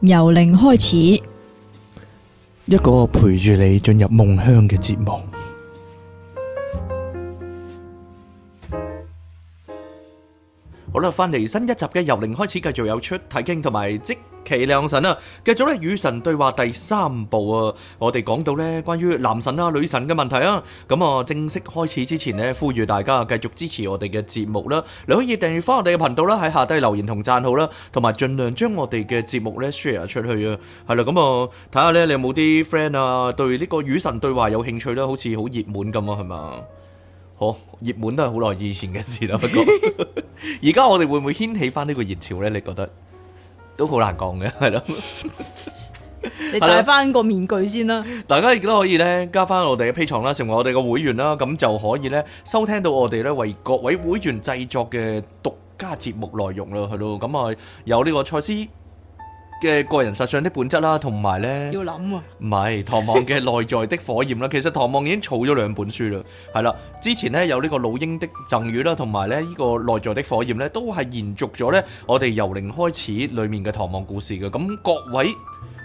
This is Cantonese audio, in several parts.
由零開始，一個陪住你進入夢鄉嘅節目。 好啦，翻嚟新一集嘅由零開始，繼續有出睇經同埋即。奇亮神啊，繼續咧與神對話第三部啊！我哋講到咧關於男神啊女神嘅問題啊，咁啊正式開始之前呢，呼籲大家繼續支持我哋嘅節目啦！你可以訂閱翻我哋嘅頻道啦、啊，喺下低留言同讚好啦、啊，同埋盡量將我哋嘅節目咧 share 出去啊！係、嗯、啦，咁啊睇下咧你有冇啲 friend 啊對呢個與神對話有興趣啦，好似好熱門咁啊，係嘛？好、哦、熱門都係好耐以前嘅事啦、啊，不過而家 我哋會唔會掀起翻呢個熱潮咧？你覺得？都好難講嘅，係咯。 你戴翻個面具先啦。大家亦都可以咧加翻我哋嘅 P 廠啦，成為我哋嘅會員啦，咁就可以咧收聽到我哋咧為各位會員製作嘅獨家節目內容啦，係咯。咁啊，有呢個蔡司。嘅個人實相的本質啦，同埋呢，要諗喎、啊，唔係唐望嘅內在的火焰啦。 其實唐望已經儲咗兩本書啦，係啦，之前呢，有呢、呢個老鷹的贈語啦，同埋呢依、呢個內在的火焰呢，都係延續咗呢我哋由零開始裏面嘅唐望故事嘅。咁各位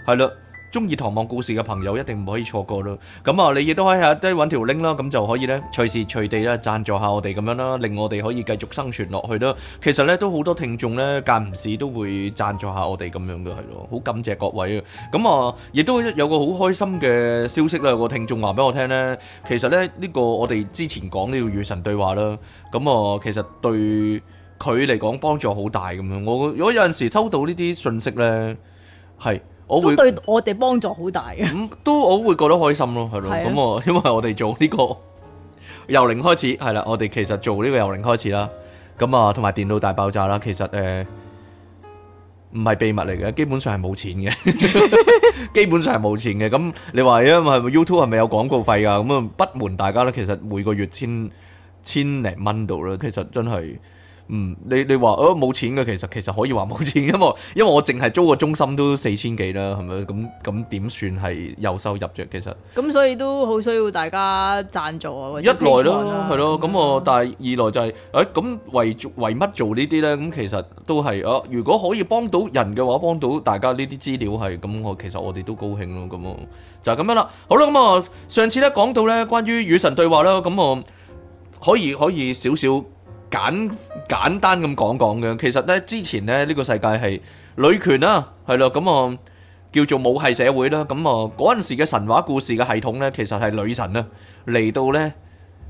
係啦。中意唐望故事嘅朋友一定唔可以錯過咯。咁啊，你亦都可以喺下低搵條 link 咯，咁就可以咧，隨時隨地咧贊助下我哋咁樣啦，令我哋可以繼續生存落去咯。其實咧，都好多聽眾咧間唔時都會贊助下我哋咁樣嘅係咯，好感謝各位啊。咁啊，亦都有個好開心嘅消息啦，有個聽眾話俾我聽咧，其實咧呢個我哋之前講呢個與神對話啦，咁啊，其實對佢嚟講幫助好大咁樣。我如果有陣時收到呢啲信息咧，係。都對我哋幫助好大嘅，咁都我會覺得開心咯，係咯，咁啊，因為我哋做呢個由零開始，係啦，我哋其實做呢個由零開始啦，咁啊，同埋電腦大爆炸啦，其實誒唔係秘密嚟嘅。基本上係冇錢嘅，基本上係冇錢嘅，咁你話因為，係咪 YouTube 係咪有廣告費㗎？咁啊，不瞞大家啦，其實每個月千千零蚊度啦，其實真係。嗯，你你話哦冇錢嘅，其實其實可以話冇錢㗎嘛，因為我淨係租個中心都四千幾啦，係咪咁咁點算係有收入啫。其實咁所以都好需要大家贊助啊，一來咯，係咯是，咁、嗯、我但係二來就係誒咁為，為做乜做呢啲咧？咁其實都係哦、啊，如果可以幫到人嘅話，幫到大家呢啲資料係咁，我其實我哋都高興咯。咁咯就係、是、咁樣啦。好啦，咁我上次咧講到咧關於與神對話啦，咁我可以可以，可以少少。簡簡單咁講講嘅，其實呢之前呢，呢、這個世界係女權啦、啊，係咯，咁、嗯、啊叫做母系社會啦、啊，咁啊嗰陣時嘅神話故事嘅系統呢，其實係女神啦、啊、嚟到呢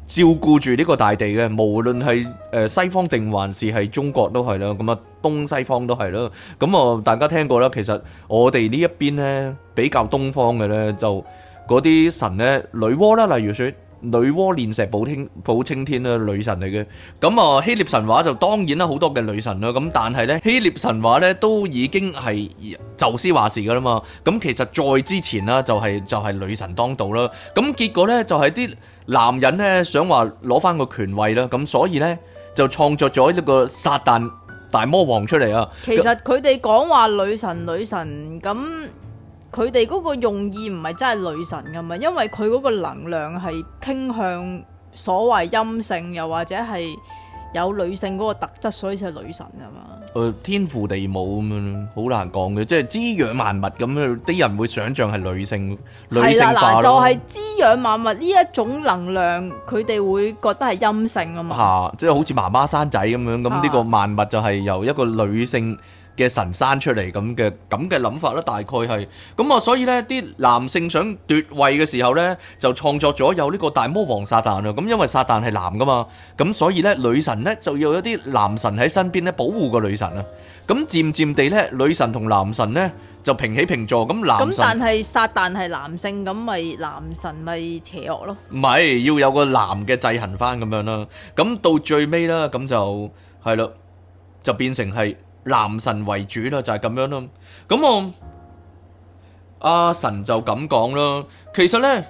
照顧住呢個大地嘅，無論係誒西方定還是係中國都係啦，咁、嗯、啊東西方都係咯，咁、嗯、啊大家聽過啦，其實我哋呢一邊呢比較東方嘅呢，就嗰啲神呢，女媧啦，例如說。女媧煉石補青補青天啦，女神嚟嘅。咁啊，希臘神話就當然啦，好多嘅女神啦。咁但係咧，希臘神話咧都已經係宙斯話事嘅啦嘛。咁其實再之前啦、就是，就係就係女神當道啦。咁結果咧，就係、是、啲男人咧想話攞翻個權位啦。咁所以咧就創作咗一個撒旦大魔王出嚟啊。其實佢哋講話女神女神咁。佢哋嗰個用意唔係真係女神噶嘛，因為佢嗰個能量係傾向所謂陰性，又或者係有女性嗰個特質，所以先係女神噶嘛。誒、呃，天父地母咁樣，好難講嘅，即係滋養萬物咁樣，啲人會想象係女性女性化、呃、就係、是、滋養萬物呢一種能量，佢哋會覺得係陰性啊嘛。嚇、啊！即係好似媽媽生仔咁樣，咁呢、啊、個萬物就係由一個女性嘅神生出嚟咁嘅咁嘅諗法啦，大概係咁啊，所以咧啲男性想奪位嘅時候咧，就創作咗有呢個大魔王撒旦啊，咁因為撒旦係男噶嘛，咁所以咧女神咧就要有啲男神喺身邊咧保護個女神啊，咁漸漸地咧女神同男神咧就平起平坐，咁男神咁但係撒旦係男性，咁咪男神咪邪惡咯？唔係要有個男嘅制衡翻咁樣啦，咁到最尾啦，咁就係咯，就變成係。男神為主啦，就係、是、咁樣咯。咁我阿、啊、神就咁講啦。其實咧，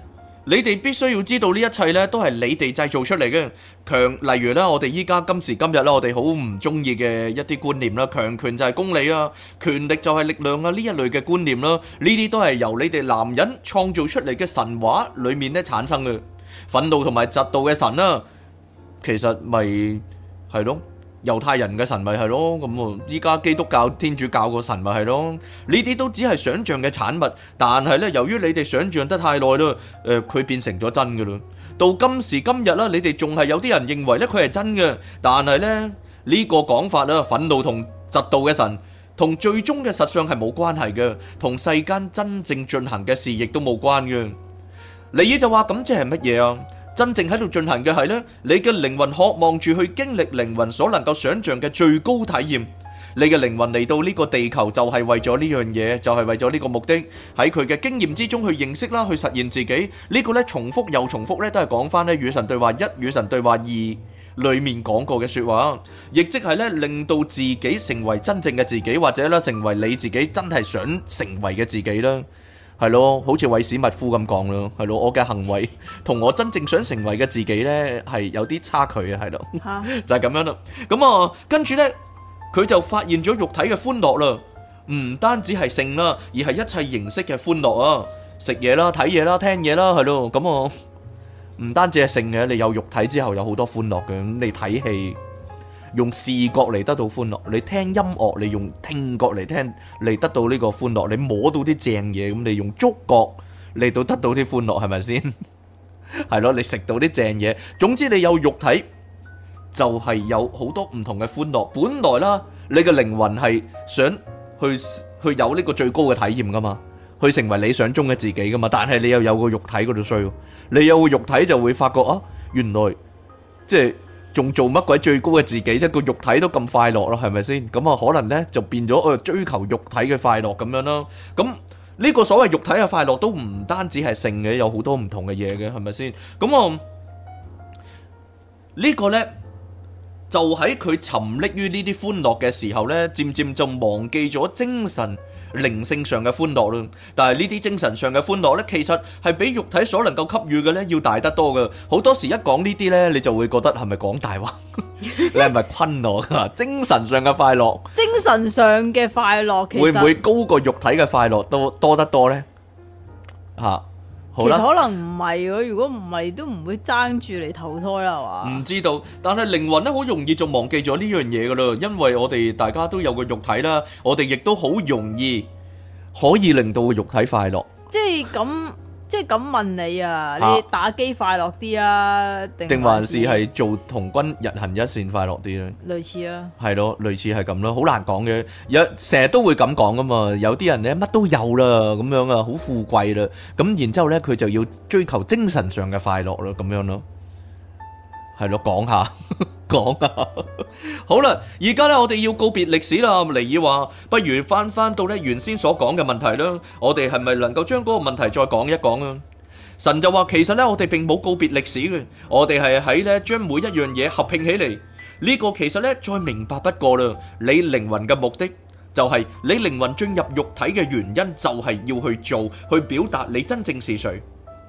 你哋必須要知道呢一切咧，都係你哋製造出嚟嘅強。例如咧，我哋依家今時今日咧，我哋好唔中意嘅一啲觀念啦，強權就係公理啊，權力就係力量啊，呢一類嘅觀念啦，呢啲都係由你哋男人創造出嚟嘅神話裏面咧產生嘅，憤怒同埋嫉妒嘅神啦。其實咪係咯。猶太人嘅神咪係咯，咁啊依家基督教天主教個神咪係咯，呢啲都只係想象嘅產物，但係咧由於你哋想象得太耐啦，誒、呃、佢變成咗真噶啦，到今時今日啦，你哋仲係有啲人認為咧佢係真嘅，但係咧呢、呢個講法啊，憤怒同嫉妒嘅神，同最終嘅實相係冇關係嘅，同世間真正進行嘅事亦都冇關嘅。尼爾就話咁，即係乜嘢啊？真正喺度進行嘅係呢，你嘅靈魂渴望住去經歷靈魂所能夠想象嘅最高體驗。你嘅靈魂嚟到呢個地球就係為咗呢樣嘢，就係為咗呢個目的，喺佢嘅經驗之中去認識啦，去實現自己。呢個呢，重複又重複呢都係講翻呢「與神對話一」、「與神對話二裏面講過嘅說話，亦即係呢，令到自己成為真正嘅自己，或者咧成為你自己真係想成為嘅自己啦。係咯，好似韋史密夫咁講咯，係咯，我嘅行為同我真正想成為嘅自己呢，係有啲差距啊，係咯， 就係咁樣咯。咁、嗯、啊，跟住呢，佢就發現咗肉體嘅歡樂啦，唔單止係性啦，而係一切形式嘅歡樂啊，食嘢啦、睇嘢啦、聽嘢啦，係咯。咁、嗯、啊、唔、嗯嗯、單止係性嘅，你有肉體之後有好多歡樂嘅，你睇戲。用視覺嚟得到歡樂，你聽音樂，你用聽覺嚟聽嚟得到呢個歡樂，你摸到啲正嘢，咁你用觸覺嚟到得到啲歡樂，係咪先？係咯，你食到啲正嘢，總之你有肉體就係有好多唔同嘅歡樂。本來啦，你嘅靈魂係想去去有呢個最高嘅體驗㗎嘛，去成為理想中嘅自己㗎嘛。但係你又有個肉體嗰度衰，你有個肉體就會發覺啊，原來即係。仲做乜鬼最高嘅自己？即個肉體都咁快樂咯，係咪先？咁啊，可能呢就變咗去追求肉體嘅快樂咁樣咯。咁呢個所謂肉體嘅快樂都唔單止係性嘅，有好多唔同嘅嘢嘅，係咪先？咁我呢個呢就喺佢沉溺於呢啲歡樂嘅時候呢，漸漸就忘記咗精神。靈性上嘅歡樂咯，但係呢啲精神上嘅歡樂咧，其實係比肉體所能夠給予嘅咧要大得多嘅。好多時一講呢啲咧，你就會覺得係咪講大話？你係咪坤我噶？精神上嘅快樂，精神上嘅快樂會唔會高過肉體嘅快樂都多得多咧？吓！好其實可能唔係，如果唔係都唔會爭住嚟投胎啦，係嘛？唔知道，但係靈魂咧好容易就忘記咗呢樣嘢㗎喇，因為我哋大家都有個肉體啦，我哋亦都好容易可以令到個肉體快樂。即係咁。即係咁，問你啊，你打機快樂啲啊，定定還是係做童軍日行一善快樂啲咧似、啊？類似啊，係咯，類似係咁咯，好難講嘅。有成日都會咁講噶嘛。有啲人咧乜都有啦，咁樣啊，好富貴啦。咁然之後咧，佢就要追求精神上嘅快樂咯，咁樣咯。係咯，講下，講下。 好啦，而家咧，我哋要告別歷史啦。尼爾話，不如翻翻到咧原先所講嘅問題啦。我哋係咪能夠將嗰個問題再講一講啊？神就話，其實咧，我哋並冇告別歷史嘅，我哋係喺咧將每一樣嘢合併起嚟。呢個其實咧再明白不過啦。你靈魂嘅目的，就係你靈魂進入肉體嘅原因，就係要去做，去表達你真正是誰。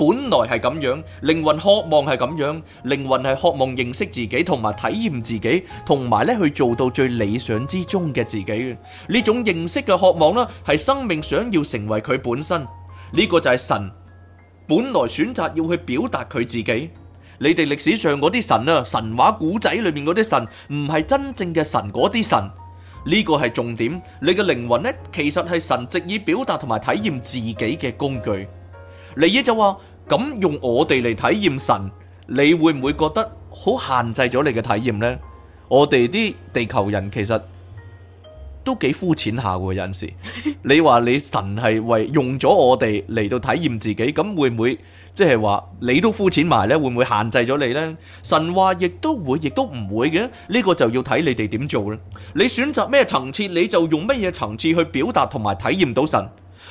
本來係咁樣，靈魂渴望係咁樣，靈魂係渴望認識自己，同埋體驗自己，同埋咧去做到最理想之中嘅自己嘅呢種認識嘅渴望呢，係生命想要成為佢本身，呢個就係神本來選擇要去表達佢自己。你哋歷史上嗰啲神啊，神話古仔裏面嗰啲神唔係真正嘅神，嗰啲神呢個係重點。你嘅靈魂呢，其實係神藉以表達同埋體驗自己嘅工具。利耶就話。咁用我哋嚟體驗神，你會唔會覺得好限制咗你嘅體驗呢？我哋啲地球人其實都幾膚淺下嘅，有陣時，你話你神係為用咗我哋嚟到體驗自己，咁會唔會即係話你都膚淺埋咧？會唔會限制咗你呢？神話亦都會，亦都唔會嘅，呢、這個就要睇你哋點做啦。你選擇咩層次，你就用乜嘢層次去表達同埋體驗到神。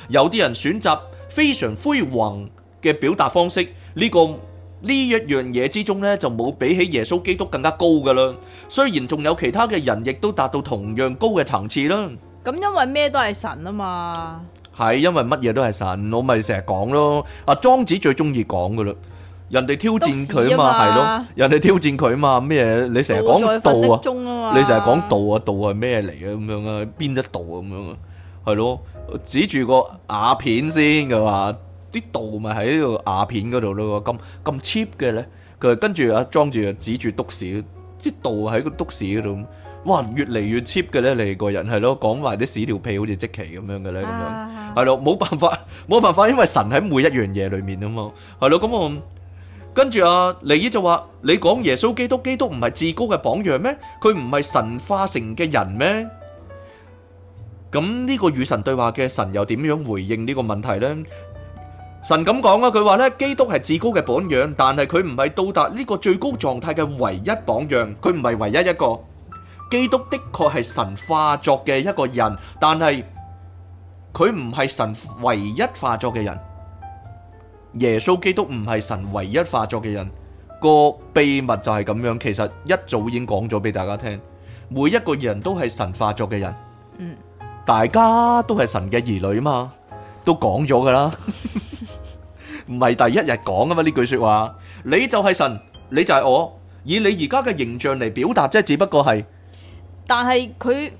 有啲人選擇非常輝煌嘅表達方式，呢個呢一樣嘢之中咧，就冇比起耶穌基督更加高噶啦，雖然仲有其他嘅人亦都達到同樣高嘅層次啦。咁因為咩都係神啊嘛，係因為乜嘢都係神，我咪成日講咯。啊莊子最中意講噶啦，人哋挑戰佢啊嘛，係咯，人哋挑戰佢啊嘛，咩你成日講道啊，你成日講道啊，道係咩嚟嘅咁樣啊？邊一道咁樣啊？係咯，指住個瓦片先嘅嘛。啲道咪喺個瓦片嗰度咯，咁咁 cheap 嘅咧，佢跟住啊，裝住指住篤屎，啲道喺個篤屎嗰度，哇越嚟越 cheap 嘅咧，你個人係咯，講埋啲屎條屁好似積奇咁樣嘅咧，咁樣係咯，冇辦法，冇辦法，因為神喺每一樣嘢裏面啊嘛，係咯。咁我跟住阿尼爾就話，你講耶穌基督基督唔係至高嘅榜樣咩？佢唔係神化成嘅人咩？咁呢個與神對話嘅神又點樣回應呢個問題咧？神咁講啊，佢話咧，基督係至高嘅榜樣，但係佢唔係到達呢個最高狀態嘅唯一榜樣，佢唔係唯一一個。基督的確係神化作嘅一個人，但係佢唔係神唯一化作嘅人。耶穌基督唔係神唯一化作嘅人，個秘密就係咁樣。其實一早已經講咗俾大家聽，每一個人都係神化作嘅人，嗯，大家都係神嘅兒女啊嘛，都講咗噶啦。唔係第一日講啊嘛呢句説話。你就係神，你就係我，以你而家嘅形象嚟表達啫，只不過係。但係佢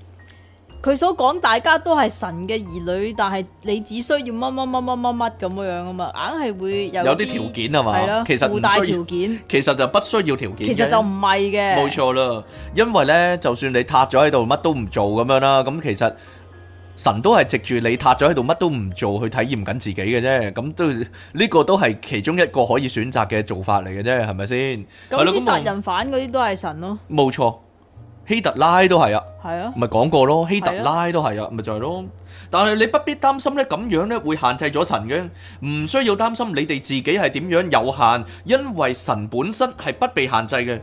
佢所講大家都係神嘅兒女，但係你只需要乜乜乜乜乜乜咁樣啊嘛，硬係會有。有啲條件啊嘛，其實唔需要條件，其實就不需要條件，其實就唔係嘅。冇錯啦，因為咧，就算你塌咗喺度，乜都唔做咁樣啦，咁其實。神都係藉住你塌咗喺度，乜都唔做去體驗緊自己嘅啫。咁都呢、這個都係其中一個可以選擇嘅做法嚟嘅啫，係咪先？咁啲殺人犯嗰啲都係神咯。冇錯，希特拉都係啊。係啊。咪講過咯，希特拉都係啊，咪、啊、就係咯、啊。但係你不必擔心咧，咁樣咧會限制咗神嘅，唔需要擔心你哋自己係點樣有限，因為神本身係不被限制嘅，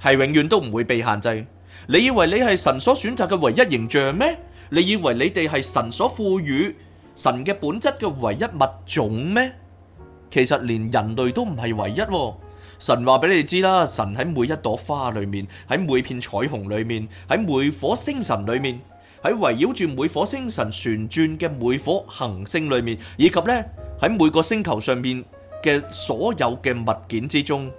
係永遠都唔會被限制。你以為你係神所選擇嘅唯一形象咩？你以為你哋係神所賦予神嘅本質嘅唯一物種咩？其實連人類都唔係唯一喎。神話俾你哋知啦，神喺每一朵花裏面，喺每片彩虹裏面，喺每顆星辰裏面，喺圍繞住每顆星辰旋轉嘅每顆行星裏面，以及呢，喺每個星球上面嘅所有嘅物件之中。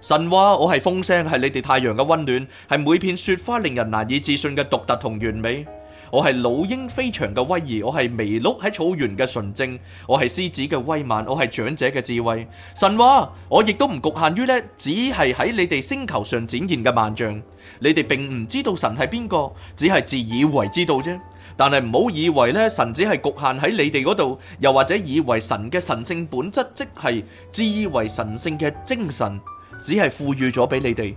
神話，我係風聲，係你哋太陽嘅溫暖，係每片雪花令人難以置信嘅獨特同完美。我係老鷹飛翔嘅威儀，我係麋鹿喺草原嘅純正，我係獅子嘅威猛，我係長者嘅智慧。神話，我亦都唔局限於呢，只係喺你哋星球上展現嘅萬象。你哋並唔知道神係邊個，只係自以為知道啫。但係唔好以為呢，神只係局限喺你哋嗰度，又或者以為神嘅神性本質即係自以為神性嘅精神，只係賦予咗俾你哋。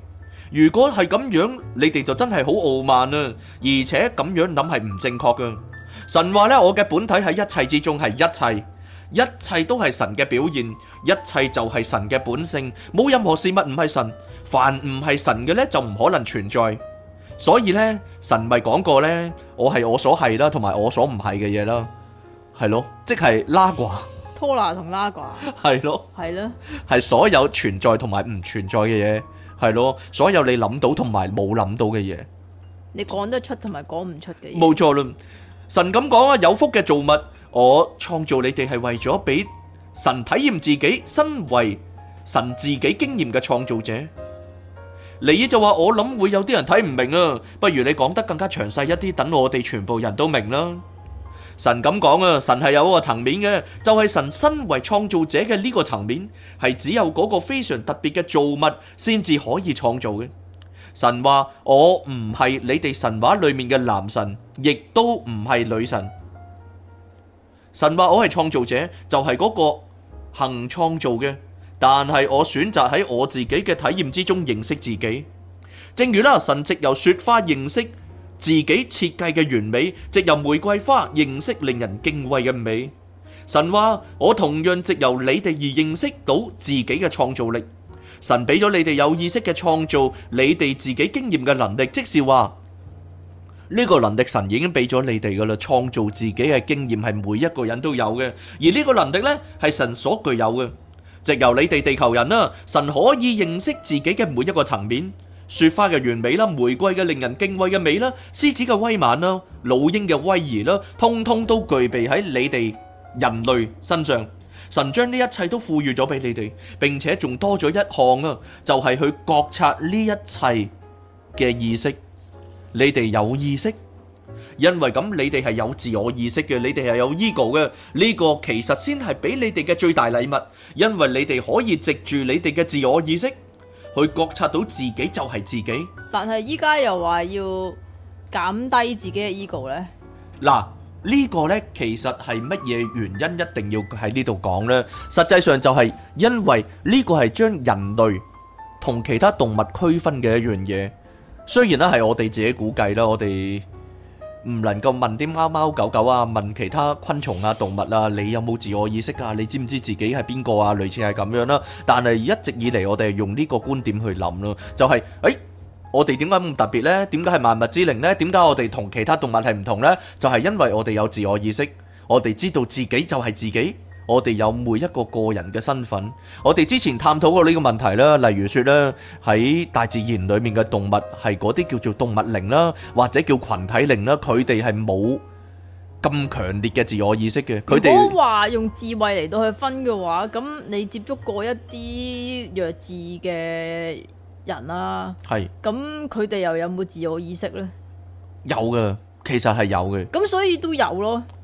如果係咁樣，你哋就真係好傲慢啊！而且咁樣諗係唔正確噶。神話呢，我嘅本體喺一切之中，係一切，一切都係神嘅表現，一切就係神嘅本性，冇任何事物唔係神，凡唔係神嘅呢，就唔可能存在。所以呢，神咪講過呢，我係我所係啦，同埋我所唔係嘅嘢啦，係咯，即係拉寡、拖拉同拉寡，係咯，係咯，係所有存在同埋唔存在嘅嘢。係咯，所有你諗到同埋冇諗到嘅嘢，你講得出同埋講唔出嘅嘢，冇錯啦，神咁講啊，有福嘅造物，我創造你哋係為咗俾神體驗自己身為神自己經驗嘅創造者。尼爾就話我諗會有啲人睇唔明啊，不如你講得更加詳細一啲，等我哋全部人都明啦。神咁講啊，神係有一個層面嘅，就係神身為創造者嘅呢個層面，係只有嗰個非常特別嘅造物先至可以創造嘅。神話我唔係你哋神話裏面嘅男神，亦都唔係女神。神話我係創造者，就係嗰個行創造嘅，但係我選擇喺我自己嘅體驗之中認識自己。正如啦，神藉由雪花認識。自己設計嘅完美，藉由玫瑰花認識令人敬畏嘅美。神話，我同樣藉由你哋而認識到自己嘅創造力。神俾咗你哋有意識嘅創造，你哋自己經驗嘅能力，即是話呢個能力神已經俾咗你哋噶啦。創造自己嘅經驗係每一個人都有嘅，而呢個能力呢，係神所具有嘅，藉由你哋地球人啦，神可以認識自己嘅每一個層面。雪花嘅完美啦，玫瑰嘅令人敬畏嘅美啦，獅子嘅威猛啦，老鷹嘅威儀啦，通通都具備喺你哋人類身上。神將呢一切都賦予咗俾你哋，並且仲多咗一項啊，就係去覺察呢一切嘅意識。你哋有意識，因為咁你哋係有自我意識嘅，你哋係有 ego 嘅。呢個其實先係俾你哋嘅最大禮物，因為你哋可以藉住你哋嘅自我意識。去覺察到自己就係自己，但係依家又話要減低自己嘅 ego 咧。嗱，呢個咧其實係乜嘢原因一定要喺呢度講呢？實際上就係因為呢個係將人類同其他動物區分嘅一樣嘢。雖然咧係我哋自己估計啦，我哋。唔能夠問啲貓貓狗狗啊，問其他昆蟲啊動物啊，你有冇自我意識啊？你知唔知自己係邊個啊？類似係咁樣啦、啊。但係一直以嚟，我哋用呢個觀點去諗咯、啊，就係、是、誒、欸，「我哋點解咁特別呢？點解係萬物之靈呢？點解我哋同其他動物係唔同呢？」就係、是、因為我哋有自我意識，我哋知道自己就係自己。我哋有每一個個人嘅身份，我哋之前探討過呢個問題啦，例如說咧，喺大自然裏面嘅動物係嗰啲叫做動物靈啦，或者叫群體靈啦，佢哋係冇咁強烈嘅自我意識嘅。佢哋如果話用智慧嚟到去分嘅話，咁你接觸過一啲弱智嘅人啦，係，咁佢哋又有冇自我意識呢？有嘅，其實係有嘅。咁所以都有咯。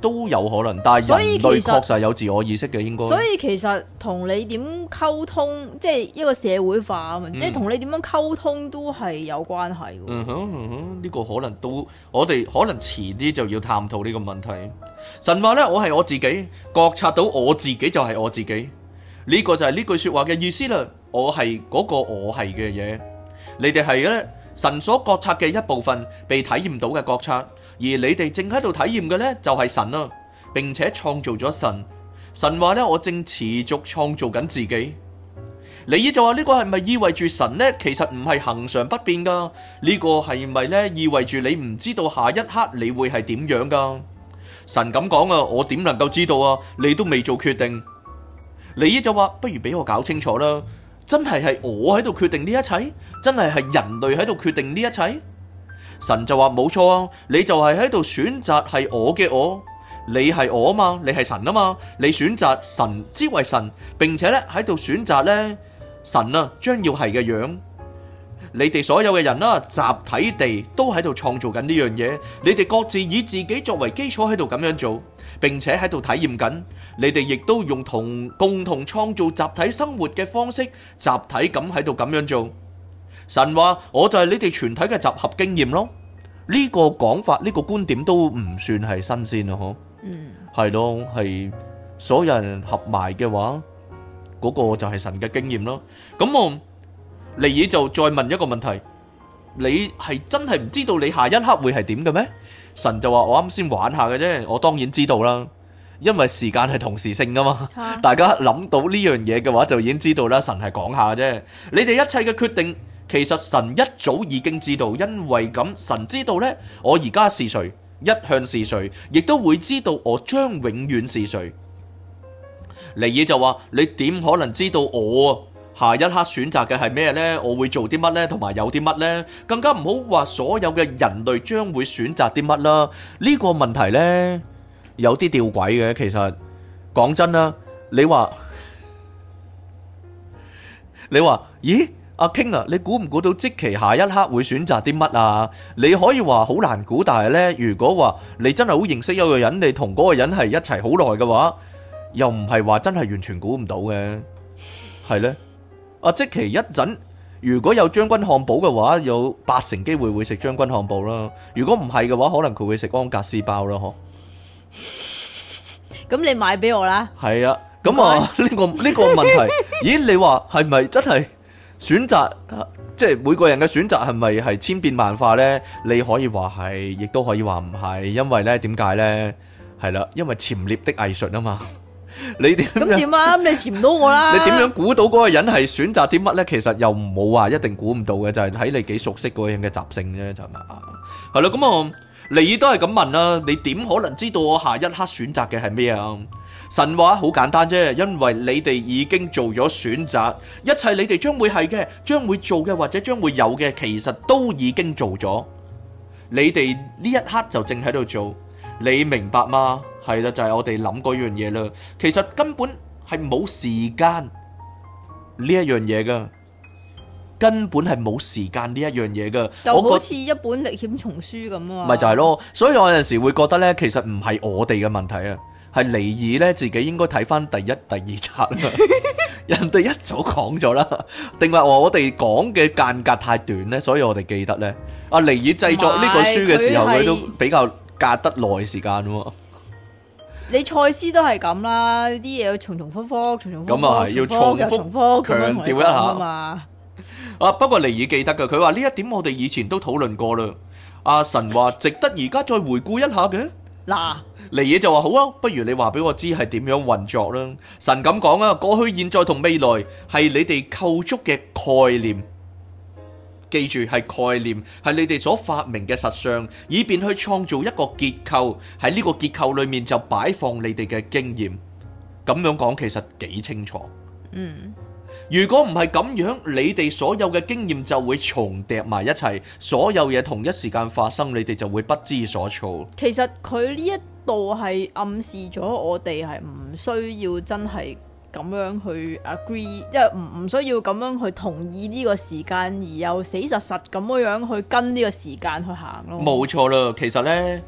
都有可能，但係人類確實有自我意識嘅，應該。所以其實同你點溝通，即係一個社會化啊嘛，即係同你點樣溝通都係有關係嘅。嗯哼，嗯哼，呢個可能都我哋可能遲啲就要探討呢個問題。神話呢，我係我自己，覺察到我自己就係我自己，呢、呢個就係呢句説話嘅意思啦。我係嗰個我係嘅嘢，嗯、你哋係咧神所覺察嘅一部分，被體驗到嘅覺察。而你哋正喺度體驗嘅呢，就係神咯，並且創造咗神。神話呢，我正持續創造緊自己。尼爾就話呢個係咪意味住神呢？其實唔係恆常不變噶，呢個係咪呢？意味住你唔知道下一刻你會係點樣噶？神咁講啊，我點能夠知道啊？你都未做決定。尼爾就話，不如俾我搞清楚啦。真係係我喺度決定呢一切？真係係人類喺度決定呢一切？神就話冇錯啊，你就係喺度選擇係我嘅我，你係我啊嘛，你係神啊嘛，你選擇神之為神，並且咧喺度選擇咧神啊將要係嘅樣，你哋所有嘅人啦，集體地都喺度創造緊呢樣嘢，你哋各自以自己作為基礎喺度咁樣做，並且喺度體驗緊，你哋亦都用同共同創造集體生活嘅方式，集體咁喺度咁樣做。神話我就係你哋全體嘅集合經驗咯，呢個講法呢個觀點都唔算係新鮮咯，嗬？嗯，係咯，係所有人合埋嘅話，嗰個就係神嘅經驗咯。咁我尼爾就再問一個問題：你係真係唔知道你下一刻會係點嘅咩？神就話我啱先玩下嘅啫，我當然知道啦，因為時間係同時性㗎嘛。大家諗到呢樣嘢嘅話就已經知道啦。神係講下啫，你哋一切嘅決定。其實神一早已經知道，因為咁神知道呢。我而家是誰，一向是誰，亦都會知道我將永遠是誰。尼爾就話：你點可能知道我下一刻選擇嘅係咩呢？我會做啲乜呢？同埋有啲乜呢？更加唔好話所有嘅人類將會選擇啲乜啦？呢個問題呢，有啲吊詭嘅。其實講真啦，你話 你話，咦？阿 King 啊，你估唔估到即其下一刻會選擇啲乜啊？你可以話好難估，但係呢，如果話你真係好認識一個人，你同嗰個人係一齊好耐嘅話，又唔係話真係完全估唔到嘅，係呢。阿即其一陣，如果有將軍漢堡嘅話，有八成機會會食將軍漢堡啦。如果唔係嘅話，可能佢會食安格斯包啦，嗬。咁你買俾我啦。係啊，咁啊，呢個呢個問題，咦，你話係咪真係？選擇即係每個人嘅選擇係咪係千變萬化呢？你可以話係，亦都可以話唔係，因為呢，點解呢？係啦，因為潛獵的藝術啊嘛， 你點樣？咁點啊？咁你潛唔到我啦？你點樣估到嗰個人係選擇啲乜呢？ 其實又冇話一定估唔到嘅，就係、是、睇你幾熟悉嗰個人嘅習性啫，就係嘛？係咯，咁啊，你都係咁問啦，啊，你點可能知道我下一刻選擇嘅係咩啊？神話好簡單啫，因為你哋已經做咗選擇，一切你哋將會係嘅，將會做嘅或者將會有嘅，其實都已經做咗。你哋呢一刻就正喺度做，你明白嗎？係啦，就係、是、我哋諗嗰樣嘢啦。其實根本係冇時間呢一樣嘢㗎，根本係冇時間呢一樣嘢㗎。就好似一本歷險叢書咁啊。咪就係咯，所以我有陣時會覺得呢，其實唔係我哋嘅問題啊。係尼爾咧，自己應該睇翻第一、第二集啦。 人哋一早講咗啦，定係話我哋講嘅間隔太短咧，所以我哋記得咧。阿尼爾製作呢個書嘅時候，佢都比較隔得耐時間喎。你賽斯都係咁啦，啲嘢要重重複複、重重複複咁啊，要重複強調一下啊。 不過尼爾記得㗎，佢話呢一點我哋以前都討論過啦。阿神話值得而家再回顧一下嘅嗱。 嚟嘢就話好啊，不如你話俾我知係點樣運作啦。神咁講啊，過去、現在同未來係你哋構築嘅概念，記住係概念，係你哋所發明嘅實相，以便去創造一個結構。喺呢個結構裏面就擺放你哋嘅經驗。咁樣講其實幾清楚。嗯。如果唔係咁樣，你哋所有嘅經驗就會重疊埋一齊，所有嘢同一時間發生，你哋就會不知所措。其實佢呢一度係暗示咗我哋係唔需要真係咁樣去 agree，即係唔唔需要咁樣去同意呢個時間，而又死實實咁樣去跟呢個時間去行咯。冇錯啦，其實呢，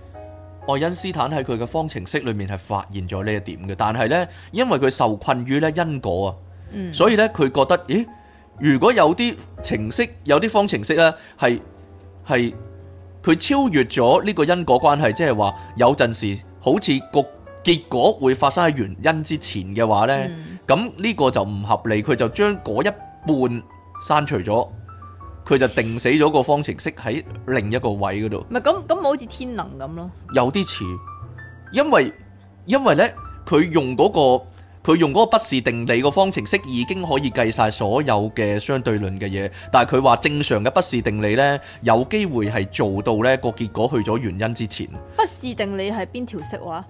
愛因斯坦喺佢嘅方程式裏面係發現咗呢一點嘅，但係呢，因為佢受困於呢因果啊。嗯、所以咧，佢覺得，咦？如果有啲程式，有啲方程式咧，係係佢超越咗呢個因果關係，即係話有陣時好似個結果會發生喺原因之前嘅話咧，咁呢、嗯、個就唔合理，佢就將嗰一半刪除咗，佢就定死咗個方程式喺另一個位嗰度。唔係咁咁，好似天能咁咯。有啲似，因為因為咧，佢用嗰、那個。佢用嗰個畢氏定理個方程式已經可以計晒所有嘅相對論嘅嘢，但係佢話正常嘅畢氏定理呢，有機會係做到呢個結果去咗原因之前。畢氏定理係邊條式話？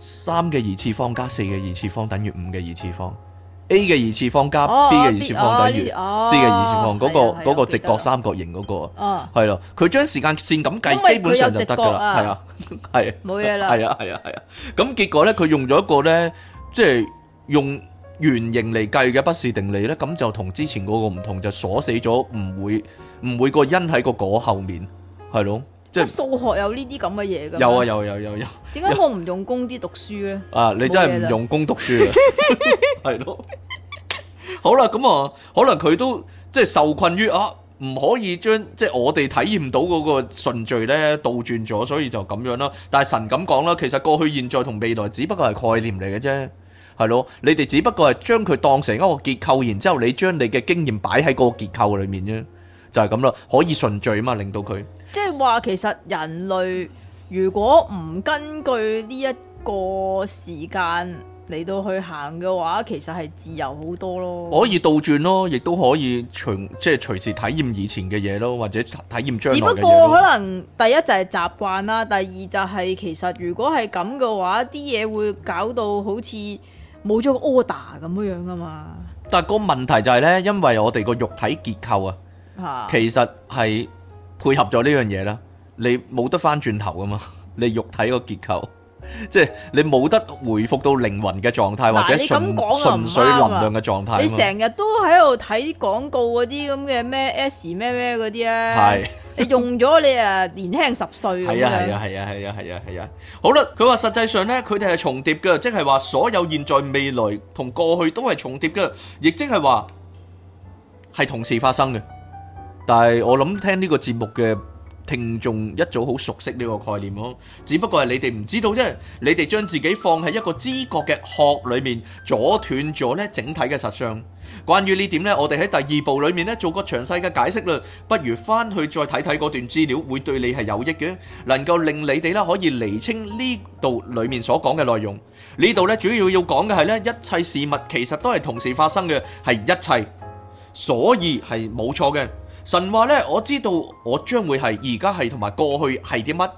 三嘅二次方加四嘅二次方等於五嘅二次方。A 嘅二次方加 B 嘅二次方等於 C 嘅二次方。嗰個嗰個直角三角形嗰個，係咯？佢將時間線咁計，基本上就得噶啦。係啊，係冇嘢啦。係啊，係啊，係啊。咁結果呢，佢用咗一個呢。即係用圓形嚟計嘅不是定理咧，咁就同之前嗰個唔同，就鎖死咗，唔會唔會個因喺個果後面，係咯？即係數學有呢啲咁嘅嘢噶？有啊，有啊有有、啊、有。點解我唔用功啲讀書咧？啊，你真係唔用功讀書，係事 是咯？ 好啦，咁啊，可能佢都即係受困於啊，唔可以將即係我哋體驗到嗰個順序咧倒轉咗，所以就咁樣啦。但係神咁講啦，其實過去、現在同未來只不過係概念嚟嘅啫。係咯，你哋只不過係將佢當成一個結構，然之後你將你嘅經驗擺喺個結構裏面啫，就係咁啦，可以順序啊嘛，令到佢。即係話其實人類如果唔根據呢一個時間嚟到去行嘅話，其實係自由好多咯。可以倒轉咯，亦都可以隨即係隨時體驗以前嘅嘢咯，或者體驗將來嘅嘢咯。只不過可能第一就係習慣啦，第二就係其實如果係咁嘅話，啲嘢會搞到好似。冇咗個 order 咁樣噶嘛？但係個問題就係咧，因為我哋個肉體結構啊，其實係配合咗呢樣嘢啦。你冇得翻轉頭噶嘛？你肉體個結構。即係你冇得回復到靈魂嘅狀態或者純純粹能量嘅狀態。你成日都喺度睇廣告嗰啲咁嘅咩 S 咩咩嗰啲啊，係你用咗你啊年輕十歲。係啊係啊係啊係啊係啊係啊。好啦，佢話實際上咧，佢哋係重疊嘅，即係話所有現在、未來同過去都係重疊嘅，亦即係話係同時發生嘅。但係我諗聽呢個節目嘅。聽眾一早好熟悉呢個概念咯，只不過係你哋唔知道啫。你哋將自己放喺一個知覺嘅殼裏面，阻斷咗呢整體嘅實相。關於呢點呢，我哋喺第二部裏面呢做個詳細嘅解釋啦。不如翻去再睇睇嗰段資料，會對你係有益嘅，能夠令你哋啦可以釐清呢度裏面所講嘅內容。呢度呢，主要要講嘅係呢：一切事物其實都係同時發生嘅，係一切，所以係冇錯嘅。神話呢，我知道我將會係而家係同埋過去係啲乜？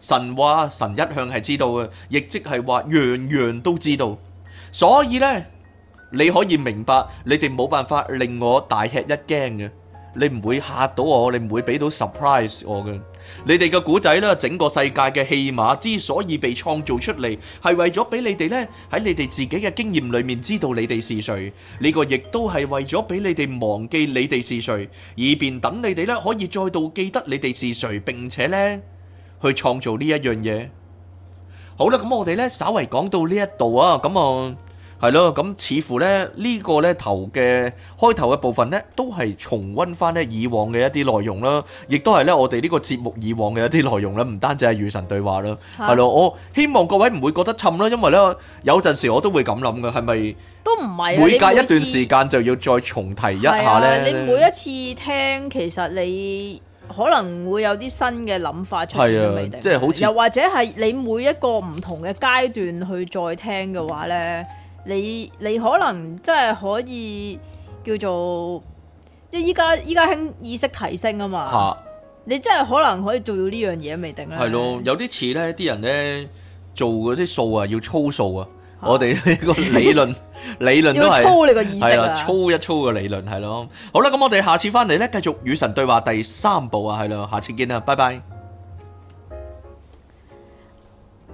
神話神一向係知道嘅，亦即係話樣樣都知道。所以呢，你可以明白你哋冇辦法令我大吃一驚嘅，你唔會嚇到我，你唔會畀到 surprise 我嘅。你哋嘅古仔咧，整個世界嘅戲碼之所以被創造出嚟，係為咗俾你哋呢，喺你哋自己嘅經驗裏面知道你哋是誰，呢個亦都係為咗俾你哋忘記你哋是誰，以便等你哋呢可以再度記得你哋是誰，並且呢去創造呢一樣嘢。好啦，咁我哋呢稍為講到呢一度啊，咁啊。係咯，咁似乎咧呢個咧頭嘅開頭嘅部分咧，都係重溫翻咧以往嘅一啲內容啦，亦都係咧我哋呢個節目以往嘅一啲內容啦，唔單止係與神對話啦，係咯的，我希望各位唔會覺得沉啦，因為咧有陣時我都會咁諗嘅，係咪？都唔係，每隔一段時間就要再重提一下咧。你每一次聽，其實你可能會有啲新嘅諗法出嚟嘅，即係好似，又或者係你每一個唔同嘅階段去再聽嘅話咧。你你可能真係可以叫做即係依家依家興意識提升啊嘛，啊你真係可能可以做到呢樣嘢未定啦。係咯，有啲似咧，啲人咧做嗰啲數啊， 要操數啊。我哋呢個理論理論要操你個意識啊，操一操嘅理論係咯。好啦，咁我哋下次翻嚟咧，繼續與神對話第三部啊，係啦，下次見啦，拜拜。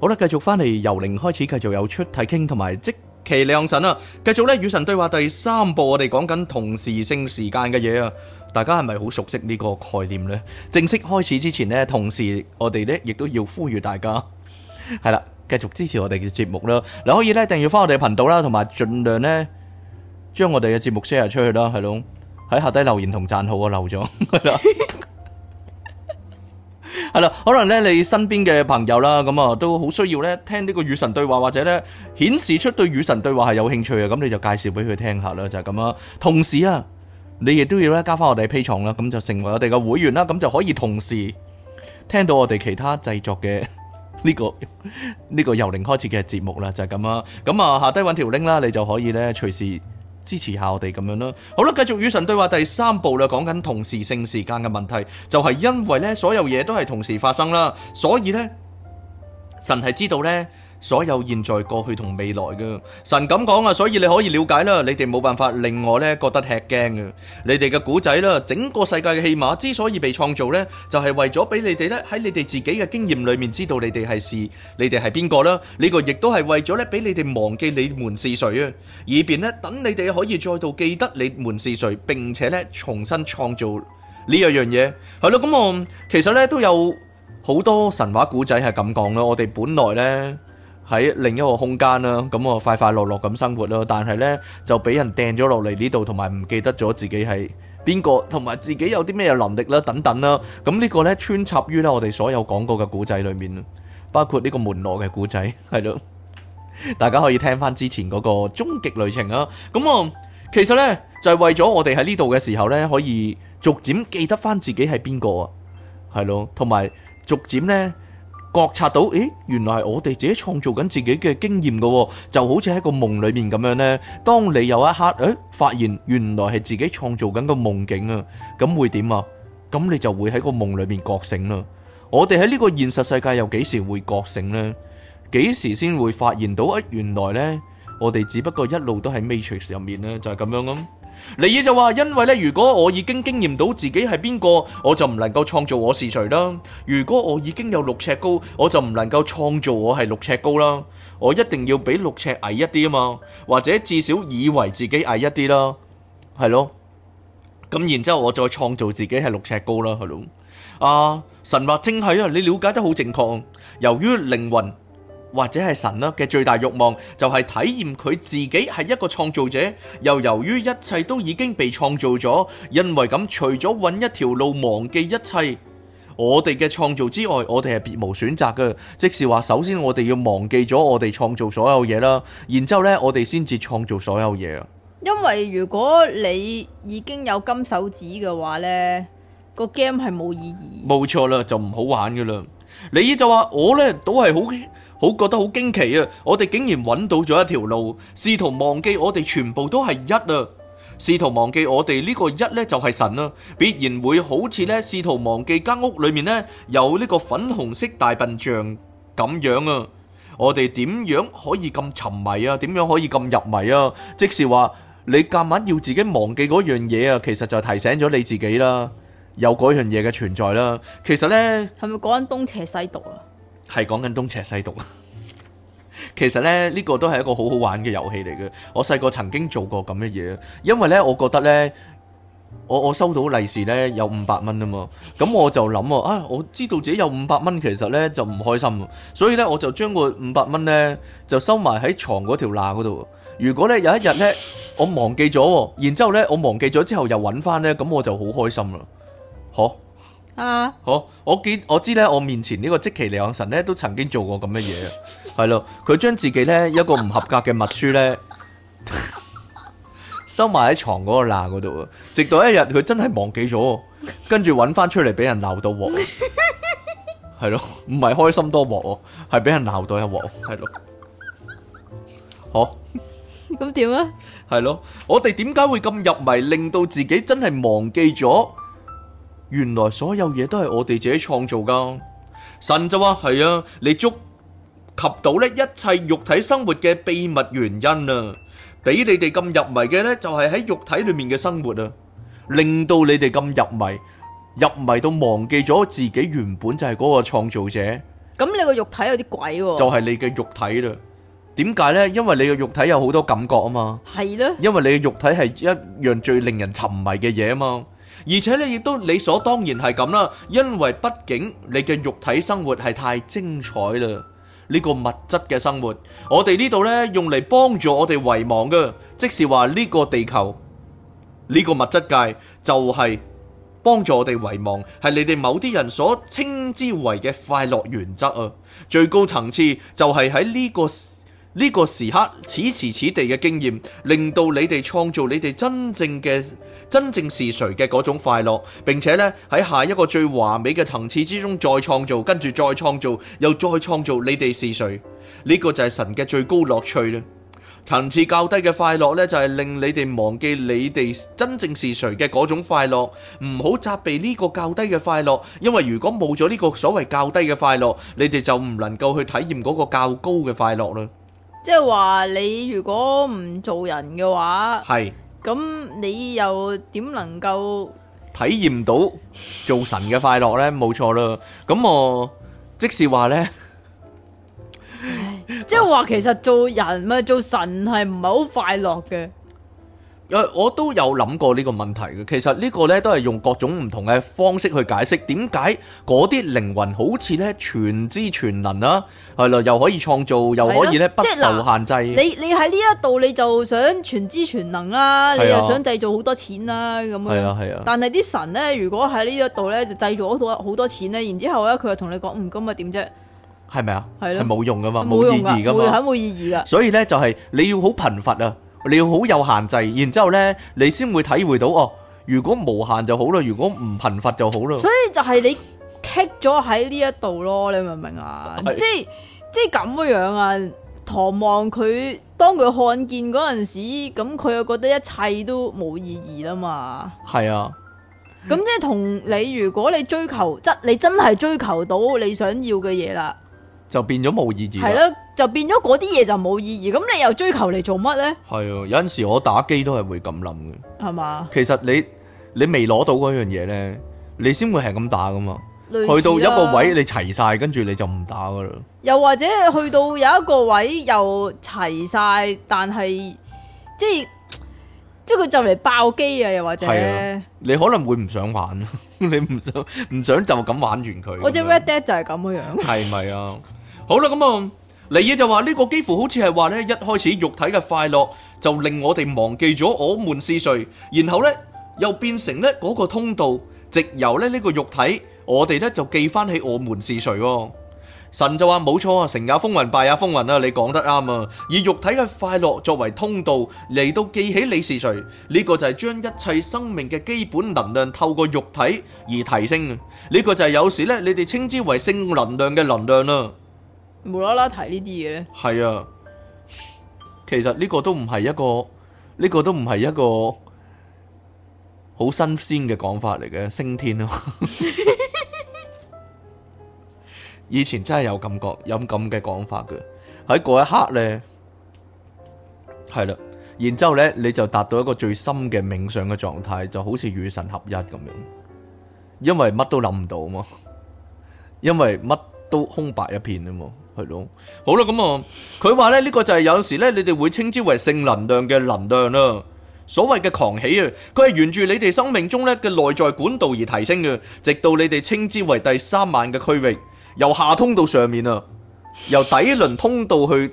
好啦，繼續翻嚟由零開始，繼續有出題傾同埋即其亮神啦。繼續呢，與神對話第三部，我哋講緊同時性時間嘅嘢啊！大家係咪好熟悉呢個概念呢？正式開始之前呢，同時我哋呢亦都要呼籲大家，係啦，繼續支持我哋嘅節目啦。你可以呢訂閱翻我哋嘅頻道啦，同埋盡量呢將我哋嘅節目 share 出去啦，係咯，喺下底留言同讚好啊，我留咗。 係啦，可能咧你身邊嘅朋友啦，咁啊都好需要咧聽呢個與神對話，或者咧顯示出對與神對話係有興趣嘅，咁你就介紹俾佢聽下啦，就係咁啦。同時啊，你亦都要咧加翻我哋 Patreon 啦，咁就成為我哋嘅會員啦，咁就可以同時聽到我哋其他製作嘅呢個呢個由零開始嘅節目啦，就係咁啦。咁啊下低揾條 link 啦，你就可以咧隨時。支持下我哋咁樣啦，好啦，繼續與神對話第三部啦，講緊同時性時間嘅問題，就係、是、因為咧所有嘢都係同時發生啦，所以咧神係知道咧。所有現在、過去同未來嘅神咁講啊，所以你可以瞭解啦。你哋冇辦法令我咧覺得吃驚嘅。你哋嘅古仔啦，整個世界嘅戲碼之所以被創造咧，就係為咗俾你哋咧喺你哋自己嘅經驗裏面知道你哋係事你哋係邊個啦。呢個亦都係為咗咧俾你哋忘記你們是誰啊，以便咧等你哋可以再度記得你們是誰，並且咧重新創造呢樣樣嘢。係咯，咁我其實咧都有好多神話古仔係咁講咯。我哋本來咧。喺另一個空間啦，咁我快快樂樂咁生活啦。但係呢，就俾人掟咗落嚟呢度，同埋唔記得咗自己係邊個，同埋自己有啲咩能力啦等等啦。咁呢個呢，穿插於呢我哋所有講過嘅故仔裏面，包括呢個門羅嘅故仔，係咯。 大家可以聽翻之前嗰個終極旅程啦。咁我、啊、其實呢，就係、是、為咗我哋喺呢度嘅時候呢，可以逐漸記得翻自己係邊個，係咯，同埋逐漸呢。覺察到，誒，原來係我哋自己創造緊自己嘅經驗噶，就好似喺個夢裏面咁樣咧。當你有一刻，誒，發現原來係自己創造緊個夢境啊，咁會點啊？咁你就會喺個夢裏面覺醒啦。我哋喺呢個現實世界又幾時會覺醒咧？幾時先會發現到啊？原來咧，我哋只不過一路都喺 Matrix 入面咧，就係咁樣咁。尼爾就話：因為咧，如果我已經經驗到自己係邊個，我就唔能夠創造我是誰啦。如果我已經有六尺高，我就唔能夠創造我係六尺高啦。我一定要比六尺矮一啲啊嘛，或者至少以為自己矮一啲啦，係咯。咁然之後我再創造自己係六尺高啦，係咯。啊，神話正係啊，你了解得好正確。由於靈魂。或者係神啦嘅最大欲望，就係、是、體驗佢自己係一個創造者。又由於一切都已經被創造咗，因為咁，除咗揾一條路忘記一切，我哋嘅創造之外，我哋係別無選擇噶。即是話，首先我哋要忘記咗我哋創造所有嘢啦，然之後呢我哋先至創造所有嘢。因為如果你已經有金手指嘅話，呢個 game 係冇意義。冇錯啦，就唔好玩噶啦。你就話我呢，都係好。好覺得好驚奇啊！我哋竟然揾到咗一條路，試圖忘記我哋全部都係一啊！試圖忘記我哋呢個一呢，就係神啊！必然會好似呢試圖忘記間屋裏面呢，有呢個粉紅色大笨象咁樣啊！我哋點樣可以咁沉迷啊？點樣可以咁入迷啊？即是話你夾硬要自己忘記嗰樣嘢啊，其實就提醒咗你自己啦，有嗰樣嘢嘅存在啦。其實呢，係咪講東邪西毒啊？係講緊東邪西毒啊！ 其實咧呢個都係一個好好玩嘅遊戲嚟嘅。我細個曾經做過咁嘅嘢，因為咧我覺得咧，我我收到利是咧有五百蚊啊嘛，咁我就諗啊，我知道自己有五百蚊，其實咧就唔開心，所以咧我就將個五百蚊咧就收埋喺床嗰條罅嗰度。如果咧有一日咧我忘記咗，然之後咧我忘記咗之後又搵翻，咧咁我就好開心啦，吓！啊！好，我見我知咧，我面前呢個即奇利盎神咧，都曾經做過咁嘅嘢，係咯， 佢將自己咧一個唔合格嘅秘書咧收埋喺床嗰個罅嗰度，直到一日佢真係忘記咗，跟住搵翻出嚟俾人鬧到鑊，係咯， 唔係開心多鑊哦，係俾人鬧到一鑊，係咯， 好，咁點啊？係咯，我哋點解會咁入迷，令到自己真係忘記咗？原來所有嘢都係我哋自己創造噶，神就話係啊，你觸及到咧一切肉體生活嘅秘密原因啊，俾你哋咁入迷嘅呢就係喺肉體裏面嘅生活啊，令到你哋咁入迷，入迷到忘記咗自己原本就係嗰個創造者。咁你個肉體有啲鬼喎，就係你嘅肉體啦。點解呢？因為你嘅肉體有好多感覺啊嘛，係咯，因為你嘅肉體係一樣最令人沉迷嘅嘢啊嘛。而且你亦都理所當然係咁啦，因為畢竟你嘅肉體生活係太精彩啦，呢個物質嘅生活，我哋呢度呢，用嚟幫助我哋遺忘嘅，即是話呢個地球呢個物質界就係幫助我哋遺忘，係你哋某啲人所稱之為嘅快樂原則啊，最高層次就係喺呢個。呢個時刻、此時此地嘅經驗，令到你哋創造你哋真正嘅真正是誰嘅嗰種快樂，並且呢，喺下一個最華美嘅層次之中再創造，跟住再創造，又再創造，你哋是誰？呢個就係神嘅最高樂趣啦。層次較低嘅快樂呢，就係令你哋忘記你哋真正是誰嘅嗰種快樂。唔好責備呢個較低嘅快樂，因為如果冇咗呢個所謂較低嘅快樂，你哋就唔能夠去體驗嗰個較高嘅快樂啦。即係話你如果唔做人嘅話，係咁是你又點能夠體驗到做神嘅快樂呢？冇錯啦，咁我即時話呢，即係話其實做人咪 做神係唔係好快樂嘅。我都有諗過呢個問題嘅。其實呢個呢，都係用各種唔同嘅方式去解釋點解嗰啲靈魂好似呢全知全能啦、啊，係咯，又可以創造，又可以呢不受限制。你你喺呢一度你就想全知全能啦、啊，你又想製造好多錢啦、啊、咁樣。係啊係啊。但係啲神呢，如果喺呢一度呢就製造好多好多錢呢，然之後呢，佢又同你講，唔咁咪點啫？係咪啊？係咯。係冇用㗎嘛，冇意義㗎嘛，好冇意義㗎。所以呢，就係你要好貧乏啊。你要好有限制，然之後呢，你先會體會到哦。如果無限就好啦，如果唔貧乏就好啦。所以就係你棘咗喺呢一度咯，你明唔明啊？即係即係咁樣啊！唐望佢當佢看見嗰陣時，咁佢又覺得一切都冇意義啊嘛。係啊，咁即係同你如果你追求，即你真係追求到你想要嘅嘢啦。就變咗冇意、啊、意義。係咯，就變咗嗰啲嘢就冇意義。咁你又追求嚟做乜咧？係啊，有陣時我打機都係會咁諗嘅。係嘛吧？其實你你未攞到嗰樣嘢咧，你先會係咁打噶嘛。去到一個位你齊晒，跟住你就唔打噶啦。又或者去到有一個位又齊晒，但係即係即係佢就嚟爆機啊！又或者你可能會唔想玩， 你唔想唔想就咁玩完佢。我隻 Red Dead e 就係咁樣樣，係咪 啊？ 好啦，咁啊，尼嘢就話呢個幾乎好似係話呢，一開始肉體嘅快樂就令我哋忘記咗我們是誰，然後呢又變成呢嗰個通道，直由呢呢個肉體，我哋呢就記翻起我們是誰。神就話冇錯啊，成也風雲，敗也風雲啦，你講得啱啊。以肉體嘅快樂作為通道嚟，到記起你是誰，呢個就係將一切生命嘅基本能量透過肉體而提升。呢個就係有時呢，你哋稱之為性能量嘅能量啦。無啦啦提呢啲嘢咧？係啊，其實呢個都唔係一個，呢、呢個都唔係一個好新鮮嘅講法嚟嘅升天咯、啊。呵呵 以前真係有感覺，有咁嘅講法嘅。喺嗰一刻咧，係啦、啊，然之後咧，你就達到一個最深嘅冥想嘅狀態，就好似與神合一咁樣，因為乜都諗唔到啊嘛，因為乜。都空白一片啊嘛，係咯，好啦，咁啊，佢話咧呢個就係有時咧，你哋會稱之為性能量嘅能量啦，所謂嘅狂喜啊，佢係沿住你哋生命中咧嘅內在管道而提升嘅，直到你哋稱之為第三萬嘅區域，由下通道上面啊，由底輪通道去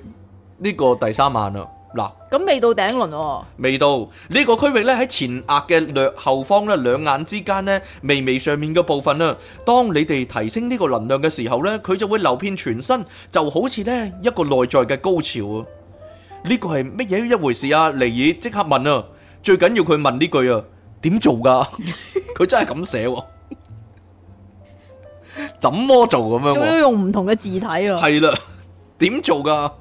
呢個第三萬啊。嗱，咁未到頂輪喎，未到，呢個區域咧喺前額嘅略後方咧，兩眼之間咧微微上面嘅部分啦。當你哋提升呢個能量嘅時候咧，佢就會流遍全身，就好似咧一個內在嘅高潮啊！呢個係乜嘢一回事啊？尼爾即刻問啊，最緊要佢問呢句啊，點做噶？佢真係咁寫喎，怎麼做咁樣？仲要用唔同嘅字體啊。係啦，點做噶？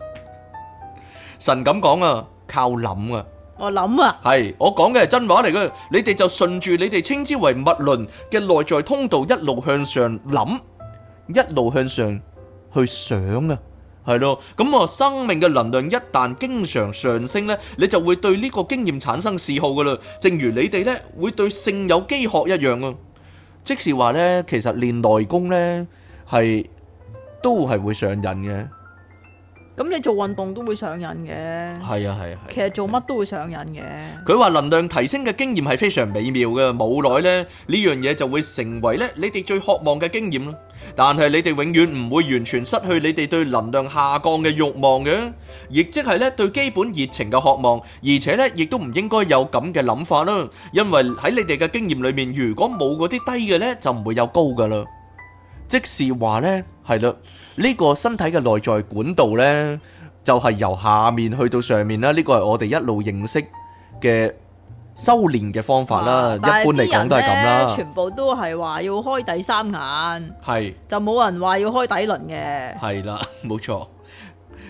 神咁講啊，靠諗啊，我諗啊，係我講嘅係真話嚟嘅，你哋就順住你哋稱之為物論嘅內在通道，一路向上諗，一路向上去想啊，係咯，咁啊，生命嘅能量一旦經常上升呢，你就會對呢個經驗產生嗜好噶啦，正如你哋呢會對性有飢渴一樣啊，即是話呢，其實練內功呢係都係會上癮嘅。咁你做運動都會上癮嘅，係啊，係啊，其實做乜都會上癮嘅。佢話能量提升嘅經驗係非常美妙嘅，冇耐咧呢樣嘢就會成為咧你哋最渴望嘅經驗啦。但係你哋永遠唔會完全失去你哋對能量下降嘅慾望嘅，亦即係咧對基本熱情嘅渴望。而且咧亦都唔應該有咁嘅諗法啦，因為喺你哋嘅經驗裏面，如果冇嗰啲低嘅咧，就唔會有高噶啦。即是話咧，係啦。呢個身體嘅內在管道呢，就係由下面去到上面啦。呢個係我哋一路認識嘅修練嘅方法啦。一般嚟講都係咁啦。全部都係話要開第三眼，係就冇人話要開底輪嘅。係啦，冇錯。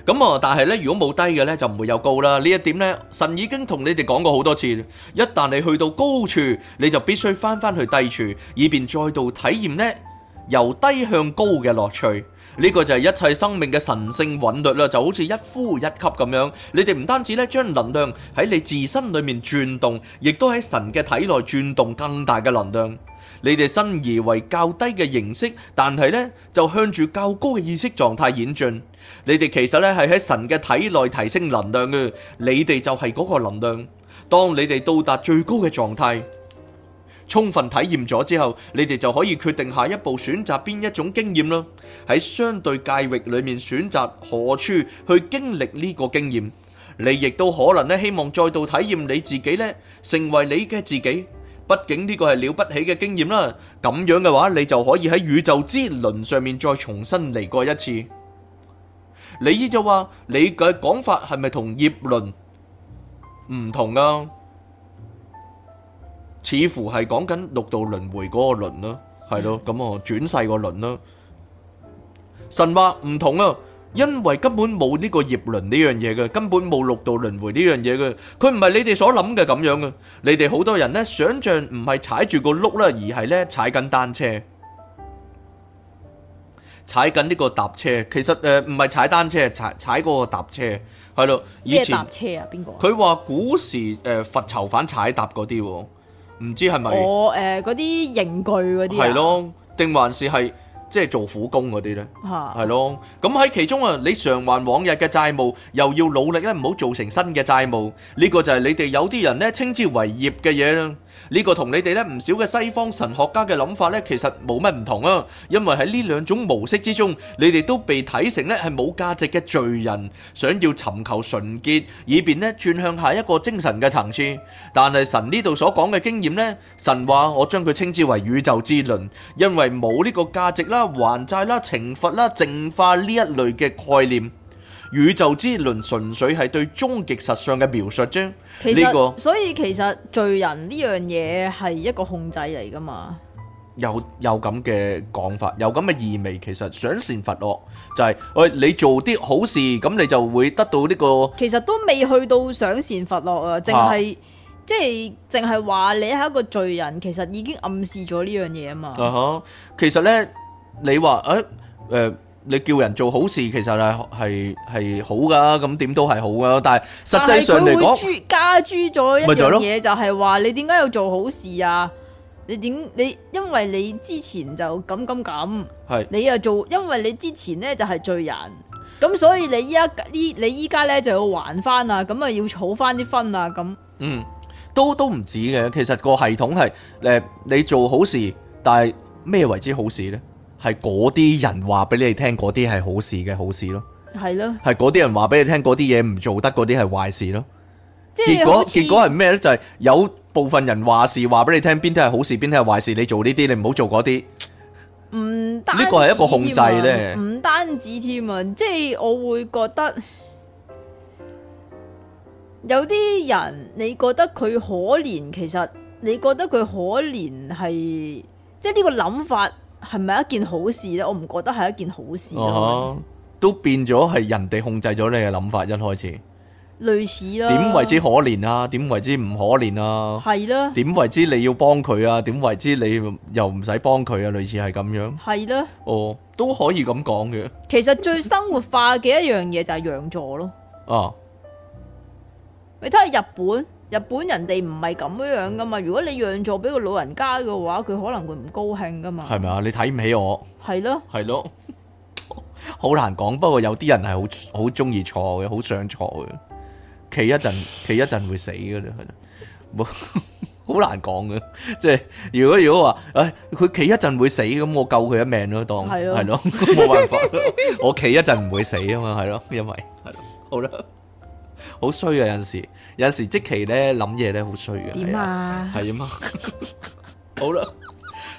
咁啊，但係呢，如果冇低嘅呢，就唔會有高啦。呢一點呢，神已經同你哋講過好多次。一旦你去到高處，你就必須返返去低處，以便再度體驗呢由低向高嘅樂趣。呢個就係一切生命嘅神聖韻律啦，就好似一呼一吸咁樣。你哋唔單止咧將能量喺你自身裏面轉動，亦都喺神嘅體內轉動更大嘅能量。你哋身而為較低嘅形式，但係咧就向住較高嘅意識狀態演進。你哋其實咧係喺神嘅體內提升能量嘅，你哋就係嗰個能量。當你哋到達最高嘅狀態，充分體驗咗之後，你哋就可以決定下一步選擇邊一種經驗咯。喺相對界域裏面選擇何處去經歷呢個經驗，你亦都可能咧希望再度體驗你自己呢，成為你嘅自己。畢竟呢個係了不起嘅經驗啦。咁樣嘅話，你就可以喺宇宙之輪上面再重新嚟過一次。你呢就話：你嘅講法係咪同葉輪唔同啊？似乎係講緊六道輪迴嗰個輪咯，係咯，咁、嗯、我轉世個輪咯。神話唔同啊，因為根本冇呢個業輪呢樣嘢嘅，根本冇六道輪迴呢樣嘢嘅，佢唔係你哋所諗嘅咁樣嘅。你哋好多人呢想象唔係踩住個轆啦，而係呢踩緊單車，踩緊呢個搭車。其實誒唔係踩單車，踩踩嗰個搭車係咯。以前搭車啊，邊個？佢話古時誒、呃，罰囚犯，犯踩搭嗰啲。唔知係咪？我、呃、誒，嗰啲刑具嗰啲係咯，定還是係即係做苦工嗰啲咧？係咯的，咁喺其中啊，你償還往日嘅債務，又要努力咧，唔好造成新嘅債務。呢、這個就係你哋有啲人咧稱之為業嘅嘢啦。呢個同你哋呢唔少嘅西方神學家嘅諗法呢，其實冇乜唔同啊。因為喺呢兩種模式之中，你哋都被睇成呢係冇價值嘅罪人，想要尋求純潔，以便呢轉向下一個精神嘅層次。但係神呢度所講嘅經驗呢，神話我將佢稱之為宇宙之輪，因為冇呢個價值啦、還債啦、懲罰啦、淨化呢一類嘅概念。宇宙之輪純粹係對終極實相嘅描述啫。其實呢個，所以其實罪人呢樣嘢係一個控制嚟㗎嘛？有有咁嘅講法，有咁嘅意味。其實賞善罰惡就係，誒，你做啲好事，咁你就會得到呢個。其實都未去到賞善罰惡啊，淨係即係淨係話你係一個罪人，其實已經暗示咗呢樣嘢啊嘛。啊哈，其實呢你話，誒誒。你叫人做好事，其實係係係好噶，咁點都係好噶。但係實際上你會，加諸咗一樣嘢就係話，你點解要做好事啊？你點你？因為你之前就咁咁咁，係是你又做，因為你之前咧就係罪人，咁所以你依家呢，你依家咧就要還翻啦，咁啊要儲翻啲分啊，咁嗯，都都唔止嘅。其實個系統係誒，你做好事，但係咩為之好事咧？係嗰啲人話俾你聽，嗰啲係好事嘅好事咯。係咯的，係嗰啲人話俾你聽，嗰啲嘢唔做得，嗰啲係壞事咯。就是、結果像結果係咩呢？就係、是、有部分人話事話俾你聽，邊啲係好事，邊啲係壞事。你做呢啲，你唔好做嗰啲。唔呢個係一個控制呢。唔單止添啊，即、就、係、是、我會覺得有啲人，你覺得佢可憐，其實你覺得佢可憐係即係呢個諗法。係咪一件好事呢？我唔覺得係一件好事。哦，都變咗係人哋控制咗你嘅諗法一開始。類似咯。點為之可憐啊？點為之唔可憐啊？係咯。點為之你要幫佢啊？點為之你又唔使幫佢啊？類似係咁樣。係咯。哦，都可以咁講嘅。其實最生活化嘅一樣嘢就係讓座咯。啊，你睇下日本。日本人哋唔係咁樣樣噶嘛，如果你讓座俾個老人家嘅話，佢可能會唔高興噶嘛。係咪啊？你睇唔起我？係咯，係咯，好難講。不過有啲人係好好中意坐嘅，好想坐嘅，企一陣企一陣會死噶啦，好難講嘅。即係如果如果話，唉，佢企一陣會死，咁我救佢一命咯，當係咯，冇辦法，我企一陣唔會死啊嘛，係咯，因為係咯，好啦。好衰啊！有陣時，有陣時即期咧諗嘢咧好衰嘅。點啊？係啊嘛。好啦。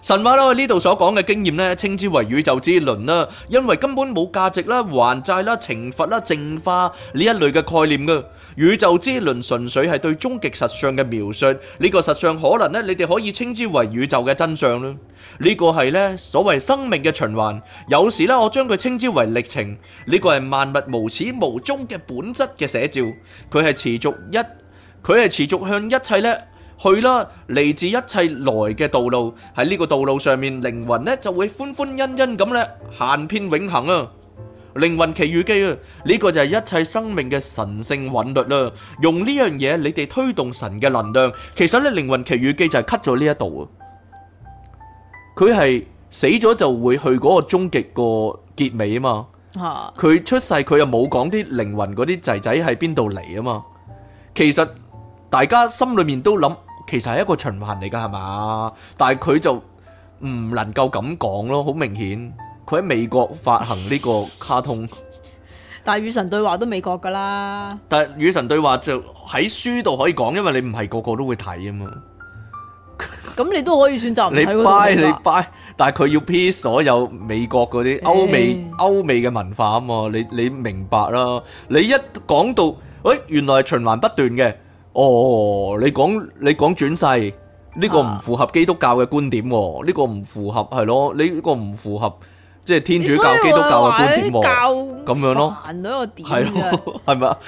神話啦，呢度所講嘅經驗呢，稱之為宇宙之輪啦，因為根本冇價值啦、還債啦、懲罰啦、淨化呢一類嘅概念噶。宇宙之輪純粹係對終極實相嘅描述，呢個實相可能呢，你哋可以稱之為宇宙嘅真相啦。呢個係呢，所謂生命嘅循環，有時呢，我將佢稱之為歷程。呢個係萬物無始無終嘅本質嘅寫照，佢係持續一，佢係持續向一切呢。去啦，嚟自一切來嘅道路，喺呢個道路上面，靈魂呢就會歡歡欣欣咁咧行遍永恒啊！靈魂奇遇記啊，呢、這個就係一切生命嘅神聖韻律啦、啊。用呢樣嘢，你哋推動神嘅能量。其實呢靈魂奇遇記就係 cut 咗呢一度啊。佢係死咗就會去嗰個終極個結尾啊嘛。佢、啊、出世佢又冇講啲靈魂嗰啲仔仔喺邊度嚟啊嘛。其實大家心裏面都諗。其實係一個循環嚟㗎，係嘛？但係佢就唔能夠咁講咯，好明顯。佢喺美國發行呢個卡通， 但係與神對話都美國㗎啦。但係與神對話就喺書度可以講，因為你唔係個個都會睇啊嘛。咁 你都可以選擇唔睇喎。 你 buy, 你 buy 但係佢要批所有美國嗰啲歐美、欸、歐美嘅文化啊嘛，你你明白啦。你一講到，哎，原來係循環不斷嘅。哦，你講你講轉世呢、這個唔符合基督教嘅觀點喎，呢、啊、個唔符合係咯，呢、這個唔符合即係、就是、天主教基督教嘅觀點喎，咁樣咯，係咯，係咪啊？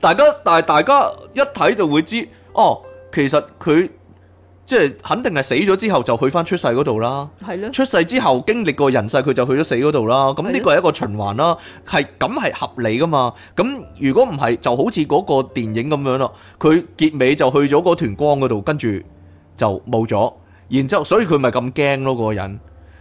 大家大家大大家一睇就會知，哦，其實佢。即係肯定係死咗之後就去翻出世嗰度啦，係咯的。出世之後經歷過人世，佢就去咗死嗰度啦。咁呢個係一個循環啦，係咁係合理噶嘛？咁如果唔係，就好似嗰個電影咁樣咯，佢結尾就去咗嗰團光嗰度，跟住就冇咗。然之後，所以佢咪咁驚咯，個人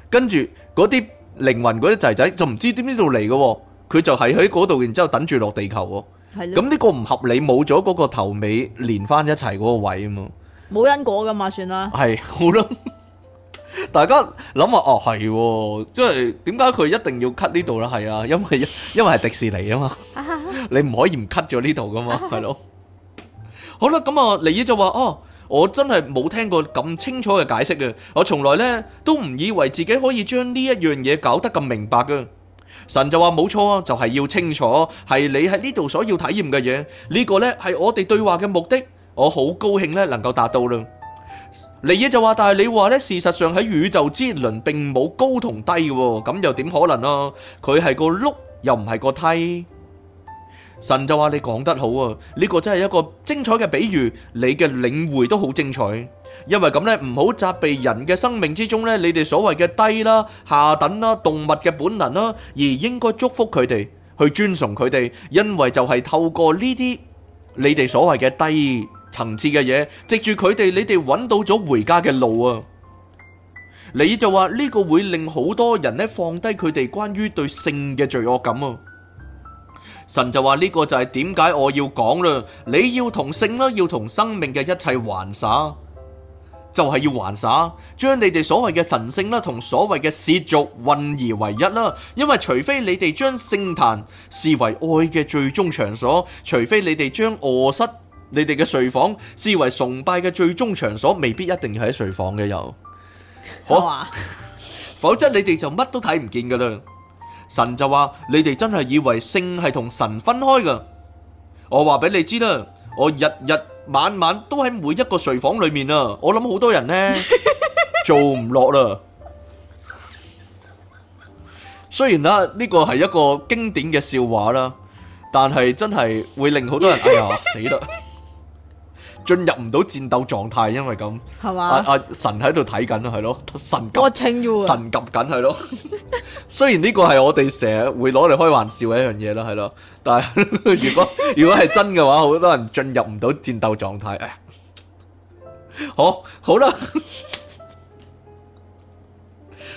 跟住嗰啲靈魂嗰啲仔仔就唔知點邊度嚟噶，佢就係喺嗰度，然之後等住落地球咯。咁呢的個唔合理，冇咗嗰個頭尾連翻一齊嗰個位啊嘛。冇因果噶嘛，算啦。係好啦，大家諗下哦，係、啊、即係點解佢一定要 cut 呢度啦？係啊，因為因為係迪士尼啊嘛， 你唔可以唔 cut 咗呢度噶嘛，係咯。 好啦，咁、嗯、啊，尼依就話哦，我真係冇聽過咁清楚嘅解釋嘅，我從來咧都唔以為自己可以將呢一樣嘢搞得咁明白噶。神就話冇錯啊，就係、是、要清楚，係你喺呢度所要體驗嘅嘢，呢個咧係我哋對話嘅目的。我好高興咧，能夠達到啦。尼爾就話，但係你話咧，事實上喺宇宙之輪並冇高同低嘅，咁又點可能啊？佢係個碌，又唔係個梯。神就話，你講得好啊，呢個真係一個精彩嘅比喻，你嘅領會都好精彩。因為咁咧，唔好責備人嘅生命之中咧，你哋所謂嘅低啦、下等啦、動物嘅本能啦，而應該祝福佢哋，去尊崇佢哋，因為就係透過呢啲你哋所謂嘅低。層次嘅嘢，藉住佢哋，你哋揾到咗回家嘅路啊！你就話呢個會令好多人咧放低佢哋關於對性嘅罪惡感啊！神就話，呢個就係點解我要講啦！你要同性啦，要同生命嘅一切玩耍，就係要玩耍，將你哋所謂嘅神聖啦，同所謂嘅世俗混而為一啦！因為除非你哋將聖壇視為愛嘅最終場所，除非你哋將臥室你哋嘅睡房視為崇拜嘅最終場所，未必一定要喺睡房嘅又，好、啊， 否則你哋就乜都睇唔見噶啦。神就話，你哋真係以為性係同神分開噶，我話俾你知啦，我日日晚晚都喺每一個睡房裏面啊，我諗好多人呢，做唔落啦。 雖然啦呢個係一個經典嘅笑話啦，但係真係會令好多人哎呀死啦！進入唔到戰鬥狀態，因為咁係嘛？阿阿神喺度睇緊，係咯，神神急緊，係咯。雖然呢個係我哋成日會攞嚟開玩笑嘅一樣嘢啦，係咯。但係如果如果係真嘅話，好多人進入唔到戰鬥狀態。好，好啦，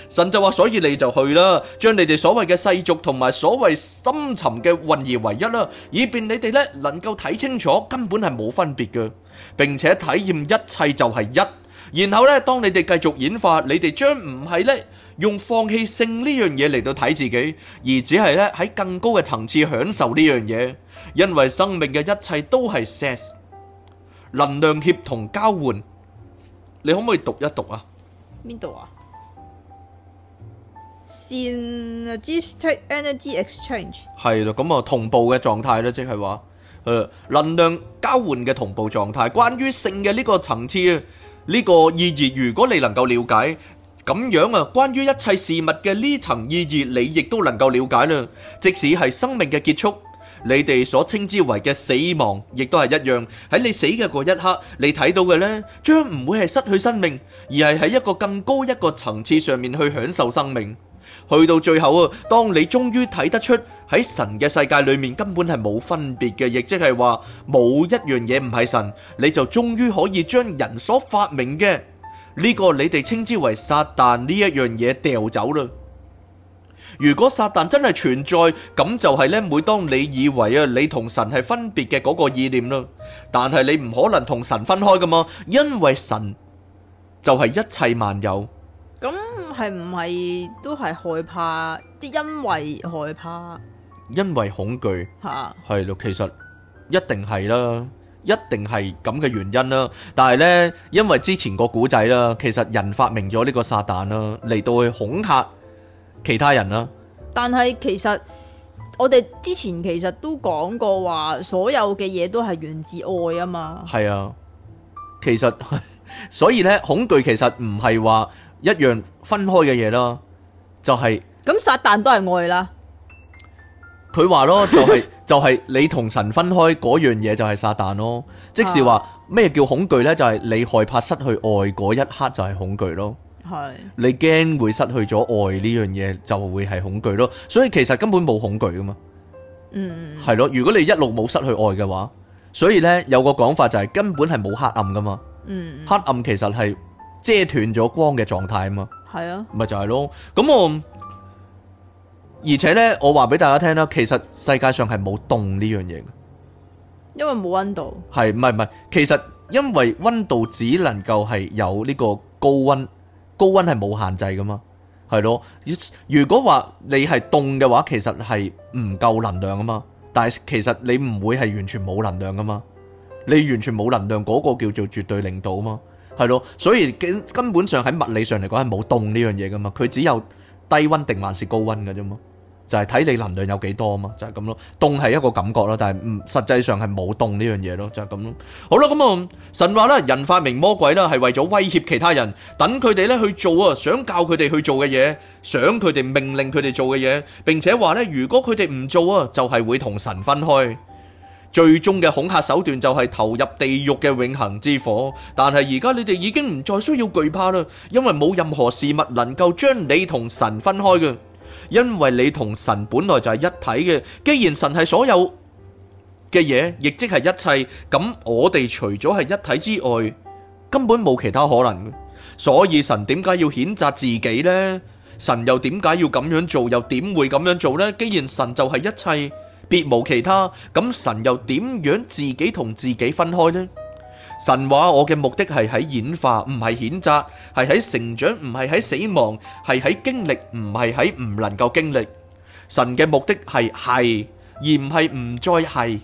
神就話：所以你就去啦，將你哋所謂嘅世俗同埋所謂深沉嘅混而為一啦，以便你哋咧能夠睇清楚，根本係冇分別嘅。並且體驗一切就係一，然後咧，當你哋繼續演化，你哋將唔係咧用放棄性呢樣嘢嚟到睇自己，而只係咧喺更高嘅層次享受呢樣嘢，因為生命嘅一切都係 sex 能量協同交換。你可唔可以讀一讀啊？邊度啊？Synchronistic energy exchange 係咯，咁啊同步嘅狀態啦，即係話。能量交換嘅同步狀態，關於性嘅呢個層次呢、呢個意義，如果你能夠了解，咁樣啊，關於一切事物嘅呢層意義，你亦都能夠了解啦。即使係生命嘅結束，你哋所稱之為嘅死亡，亦都係一樣。喺你死嘅嗰一刻，你睇到嘅呢，將唔會係失去生命，而係喺一個更高一個層次上面去享受生命。去到最後啊，當你終於睇得出，喺神嘅世界裏面根本係冇分別嘅，亦即係話冇一樣嘢唔係神，你就終於可以將人所發明嘅呢個你哋稱之為撒旦呢一樣嘢掉走啦。如果撒旦真係存在，咁就係呢，每當你以為啊，你同神係分別嘅嗰個意念啦，但係你唔可能同神分開噶嘛，因為神就係一切萬有。咁係唔係都係害怕？即係因為害怕。因為恐懼，係咯，其實一定係啦，一定係咁嘅原因啦。但係呢，因為之前個古仔啦，其實人發明咗呢個撒旦啦，嚟到去恐嚇其他人啦。但係其實我哋之前其實都講過話，所有嘅嘢都係源自愛啊嘛。係啊，其實所以呢，恐懼其實唔係話一樣分開嘅嘢啦，就係咁撒旦都係愛啦。佢話咯，就係就係你同神分開嗰樣嘢就係撒旦咯。即是話咩叫恐懼呢？就係你害怕失去愛嗰一刻就係恐懼咯。係你驚會失去咗愛呢樣嘢，就會係恐懼咯。所以其實根本冇恐懼噶嘛。嗯，係咯。如果你一路冇失去愛嘅話，所以呢有個講法就係根本係冇黑暗噶嘛。嗯，黑暗其實係遮斷咗光嘅狀態啊嘛。係啊，咪就係咯。咁我。而且咧，我話俾大家聽啦，其實世界上係冇凍呢樣嘢，因為冇溫度。係唔係唔係？其實因為溫度只能夠係有呢個高溫，高溫係冇限制噶嘛，係咯。如果話你係凍嘅話，其實係唔夠能量噶嘛。但係其實你唔會係完全冇能量噶嘛，你完全冇能量嗰個叫做絕對零度啊嘛，係咯。所以根本上喺物理上嚟講係冇凍呢樣嘢噶嘛，佢只有低溫定還是高溫噶啫嘛。就係睇你能量有幾多啊嘛，就係、是、咁咯。凍係一個感覺啦，但係唔實際上係冇凍呢樣嘢咯，就係、是、咁咯。好啦，咁、嗯、啊神話啦，人發明魔鬼啦，係為咗威脅其他人，等佢哋咧去做啊，想教佢哋去做嘅嘢，想佢哋命令佢哋做嘅嘢，並且話咧，如果佢哋唔做啊，就係、是、會同神分開。最終嘅恐嚇手段就係投入地獄嘅永恆之火。但係而家你哋已經唔再需要懼怕啦，因為冇任何事物能夠將你同神分開嘅。因為你同神本來就係一體嘅，既然神係所有嘅嘢，亦即係一切，咁我哋除咗係一體之外，根本冇其他可能。所以神點解要譴責自己呢？神又點解要咁樣做？又點會咁樣做呢？既然神就係一切，別無其他，咁神又點樣自己同自己分開呢？神話我嘅目的係喺演化，唔係譴責，係喺成長，唔係喺死亡，係喺經歷，唔係喺唔能夠經歷。神嘅目的係係，而唔係唔再係。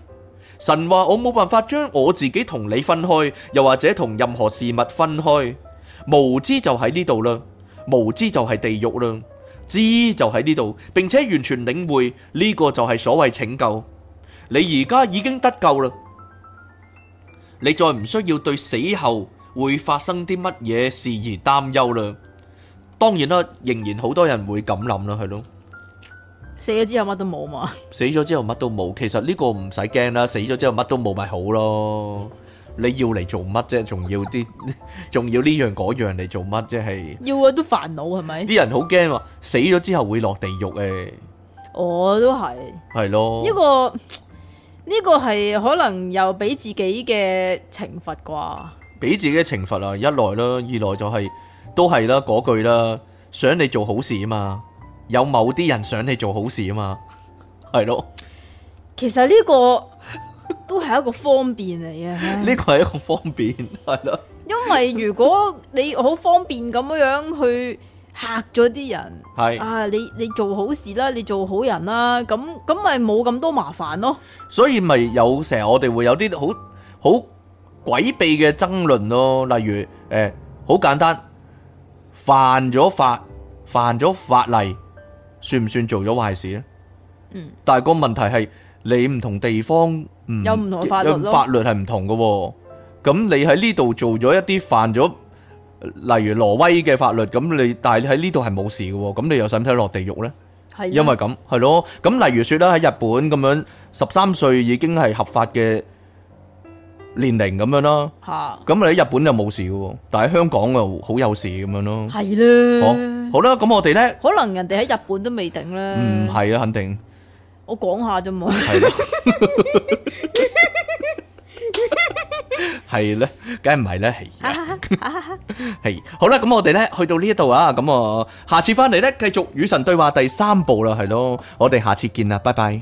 神話我冇辦法將我自己同你分開，又或者同任何事物分開。無知就喺呢度啦，無知就係地獄啦，知就喺呢度，並且完全領會呢個就係所謂拯救。你而家已經得救啦。你再唔需要對死後會發生啲乜嘢事而擔憂啦。當然啦，仍然好多人會咁諗啦，係咯。死咗之後乜都冇嘛？死咗之後乜都冇，其實呢個唔使驚啦。死咗之後乜都冇咪好咯。你要嚟做乜啫？仲要啲，仲要呢樣嗰樣嚟做乜啫？即係要啊，都煩惱係咪？啲人好驚話死咗之後會落地獄誒。我都係，係咯呢個。呢個係可能又俾自己嘅懲罰啩，俾自己嘅懲罰啊，一來啦，二來就係、是、都係啦，嗰句啦，想你做好事啊嘛，有某啲人想你做好事啊嘛，係咯。其實呢個都係一個方便嚟嘅，呢個係一個方便係咯，因為如果你好方便咁樣樣去。嚇咗啲人，係啊！你你做好事啦，你做好人啦，咁咁咪冇咁多麻煩咯。所以咪有成日我哋會有啲好好詭秘嘅爭論咯。例如誒，好簡單，犯咗法，犯咗法例，算唔算做咗壞事咧？嗯。但係個問題係你唔同地方，有唔同法律，有唔同法律咯。法律係唔同嘅喎，咁你喺呢度做咗一啲犯咗。例如挪威嘅法律咁你，但係喺呢度係冇事嘅，咁你又使唔使落地獄咧？係因為咁，係咯。咁例如說咧，喺日本咁樣，十三歲已經係合法嘅年齡咁樣咯。吓，咁你喺日本就冇事嘅，但喺香港又好有事咁樣咯。係啦，好啦，咁我哋咧，可能人哋喺日本都未定啦。唔係啊，肯定我講下啫嘛。係咧，梗係唔係咧，係， 好啦，咁我哋咧去到呢一度啊，咁啊，下次翻嚟咧，繼續與神對話第三部啦，係咯，我哋下次見啦，拜拜。